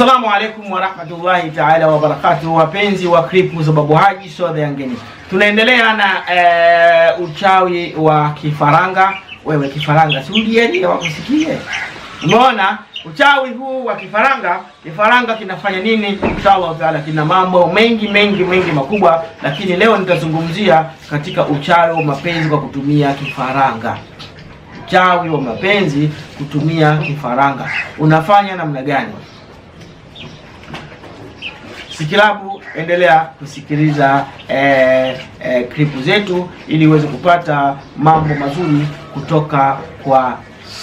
Assalamu alaikum warahmatullahi taala wabarakatuh, wapenzi wa kripu za Babu Haji Sode Yangeni, tunaendelea na e, uchawi wa kifaranga. Wewe kifaranga, si ulieni wakusikie? Umeona uchawi huu wa kifaranga. Kifaranga kinafanya nini? Inshallah taala kina mambo mengi mengi mengi makubwa, lakini leo nitazungumzia katika uchawi wa mapenzi kwa kutumia kifaranga. Uchawi wa mapenzi kutumia kifaranga unafanya namna gani? Sikilabu, endelea kusikiliza eh, eh, klipu zetu ili uweze kupata mambo mazuri kutoka kwa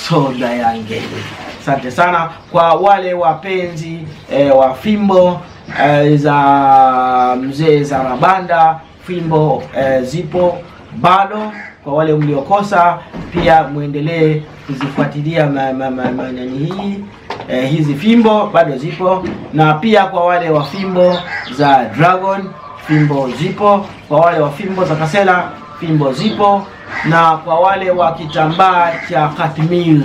Soda ya Ngeli. Asante sana kwa wale wapenzi eh, wa fimbo eh, za mzee za Rabanda. Fimbo eh, zipo bado kwa wale mliokosa, pia muendelee kuzifuatilia nani hii eh, hizi fimbo bado zipo, na pia kwa wale wa fimbo za dragon fimbo zipo, kwa wale wa fimbo za kasela fimbo zipo, na kwa wale wa kitambaa cha katmir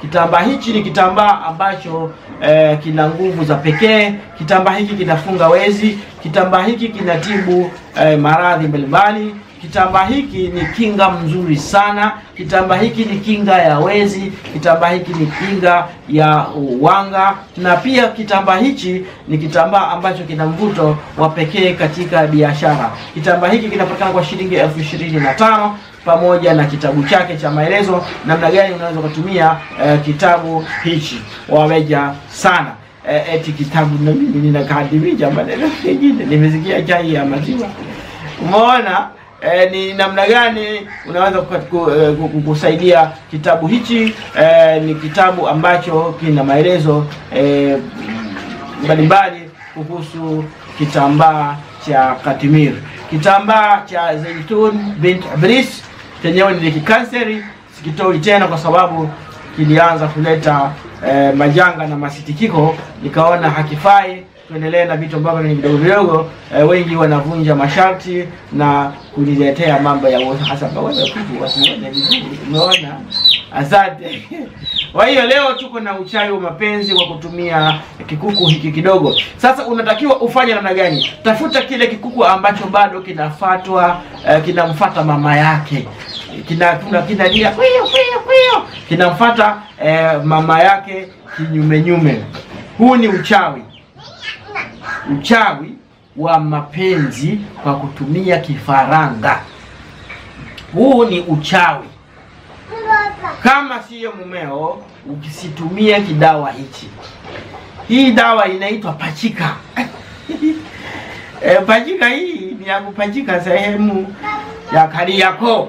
Kitambaa hichi ni kitambaa ambacho eh, kina nguvu za pekee. Kitambaa hiki kinafunga wezi. Kitambaa hiki kinatibu eh, maradhi mbalimbali. Kitambaa hiki ni kinga mzuri sana. Kitambaa hiki ni kinga ya wezi, kitambaa hiki ni kinga ya wanga, na pia kitambaa hichi ni kitambaa ambacho kina mvuto wa pekee katika biashara. Kitambaa hiki kinapatikana kwa shilingi elfu ishirini na tano pamoja na kitabu chake cha maelezo namna gani unaweza kutumia eh, kitabu hichi. Waweja sana eh, eti kitabu na mimi ninakadirisha maneno nimesikia chai ya maziwa, umeona E, ni namna gani unaweza kukusaidia eh, kitabu hichi? E, ni kitabu ambacho kina maelezo e, mbalimbali kuhusu kitambaa cha Katimir. Kitambaa cha Zaitun bint Abris chenyewe ni kikanseri, sikitoi tena kwa sababu kilianza kuleta e, majanga na masitikiko, nikaona hakifai tuendelee na vitu ambavyo ni vidogo vidogo. E, wengi wanavunja masharti na kujiletea mambo ya hasa vizuri. Umeona, asante. Kwa hiyo leo tuko na uchawi wa mapenzi kwa kutumia kikuku hiki kidogo. Sasa unatakiwa ufanye namna gani? Tafuta kile kikuku ambacho bado kinafatwa, uh, kinamfata mama yake kina kwio kwio kwio, kinamfata uh, mama yake kinyume nyume. Huu ni uchawi uchawi wa mapenzi kwa kutumia kifaranga. Huu ni uchawi. Kama siyo mumeo, ukisitumia kidawa hichi. Hii dawa inaitwa pachika. E, pachika hii ni ya kupachika sehemu ya yako,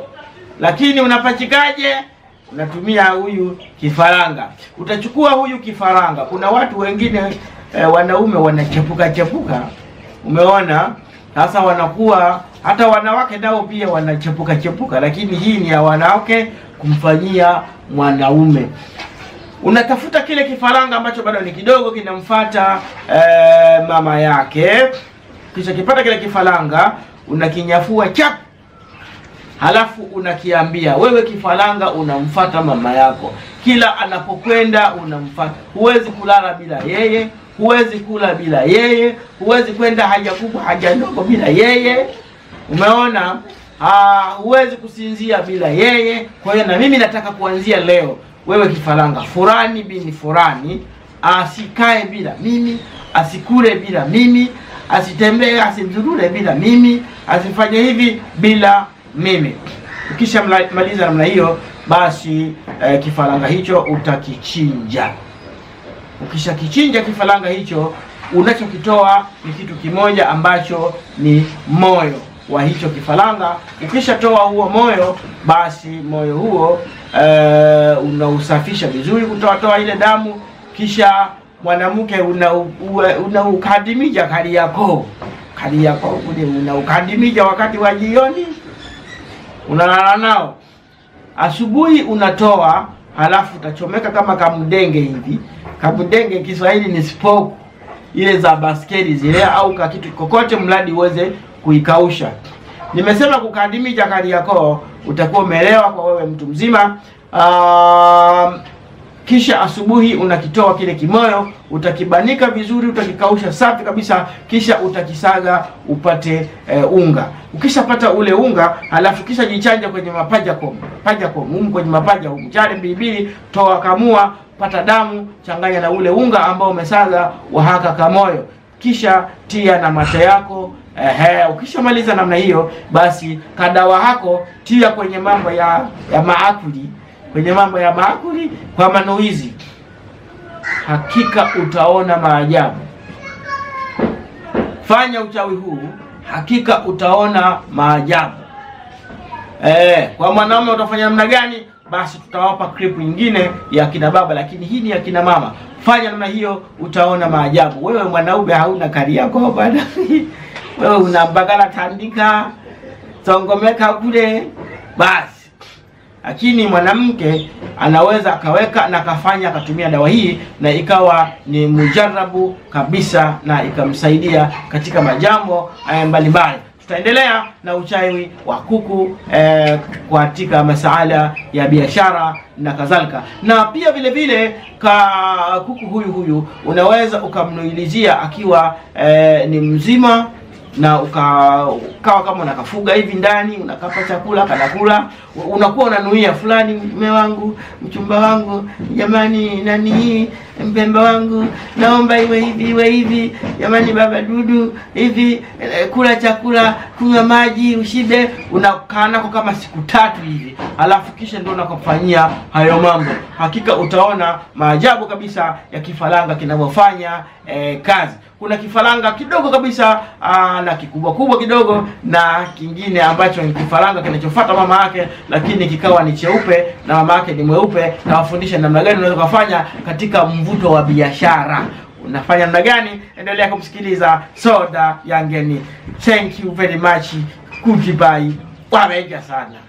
lakini unapachikaje? Unatumia huyu kifaranga. Utachukua huyu kifaranga, kuna watu wengine e, wanaume wanachepuka chepuka, umeona sasa, wanakuwa hata wanawake nao pia wanachepuka chepuka, lakini hii ni ya wanawake kumfanyia mwanaume. Unatafuta kile kifaranga ambacho bado ni kidogo kinamfata e, mama yake, kisha kipata kile kifaranga unakinyafua chap halafu unakiambia wewe, kifaranga unamfata mama yako, kila anapokwenda unamfata, huwezi kulala bila yeye huwezi kula bila yeye, huwezi kwenda haja kubwa haja ndogo bila yeye, umeona? Huwezi kusinzia bila yeye. Kwa hiyo na mimi nataka kuanzia leo, wewe kifaranga furani bini furani asikae bila mimi, asikule bila mimi, asitembee asimzurure bila mimi, asifanye hivi bila mimi. Ukishamaliza namna hiyo, basi eh, kifaranga hicho utakichinja. Ukishakichinja kifaranga hicho, unachokitoa ni kitu kimoja ambacho ni moyo wa hicho kifaranga. Ukishatoa huo moyo, basi moyo huo e, unausafisha vizuri kutoatoa ile damu, kisha mwanamke unaukadimija una kali yako kali yako kule unaukadimija, wakati wa jioni unalala nao, asubuhi unatoa, halafu utachomeka kama kamdenge hivi kabudenge Kiswahili ni spoke ile za basketi zile au ka kitu kokote, mradi uweze kuikausha. Nimesema kukadimi kukadimija yako utakuwa umeelewa kwa wewe mtu mzima. Um, kisha asubuhi unakitoa kile kimoyo, utakibanika vizuri, utakikausha safi kabisa, kisha utakisaga upate e, unga. Ukishapata ule unga, halafu kisha jichanja kwenye mapaja kwa mapaja kwa mungu kwenye mapaja huko, bibili, toa kamua pata damu, changanya na ule unga ambao umesaga wa haka kamoyo, kisha tia na mate yako. Ehe, ukishamaliza namna hiyo, basi kadawa hako tia kwenye mambo ya, ya maakuli, kwenye mambo ya maakuli kwa manuizi. Hakika utaona maajabu. Fanya uchawi huu, hakika utaona maajabu. Eh, kwa mwanaume utafanya namna gani? basi tutawapa clip nyingine ya kina baba, lakini hii ni ya kina mama. Fanya namna hiyo, utaona maajabu. Wewe mwanaume hauna kari yako bwana, wewe una bagala tandika tongomeka kule basi, lakini mwanamke anaweza akaweka na akafanya akatumia dawa hii na ikawa ni mujarabu kabisa na ikamsaidia katika majambo mbalimbali. Tutaendelea na uchawi wa kuku eh, katika masala ya biashara na kadhalika, na pia vile vile ka kuku huyu huyu unaweza ukamnuilizia akiwa eh, ni mzima na ukawa kama unakafuga hivi ndani, unakapa chakula kanakula, unakuwa unanuia fulani, mume wangu, mchumba wangu, jamani, nani hii mpemba wangu, naomba iwe hivi iwe hivi. Jamani, baba Dudu hivi, eh, kula chakula, kunywa maji, ushibe. Unakaa nako kama siku tatu hivi, alafu kisha ndio unakofanyia hayo mambo. Hakika utaona maajabu kabisa ya kifaranga kinavyofanya eh, kazi. Kuna kifaranga kidogo kabisa aa, ah, na kikubwa kubwa kidogo, na kingine ambacho ni kifaranga kinachofuata mama yake, lakini kikawa ni cheupe na mama yake ni mweupe. Nawafundisha namna gani unaweza kufanya katika mvu mvuto wa biashara. Unafanya namna gani? Endelea kumsikiliza Soda Yangeni. Thank you very much. Goodbye. Wameiga sana.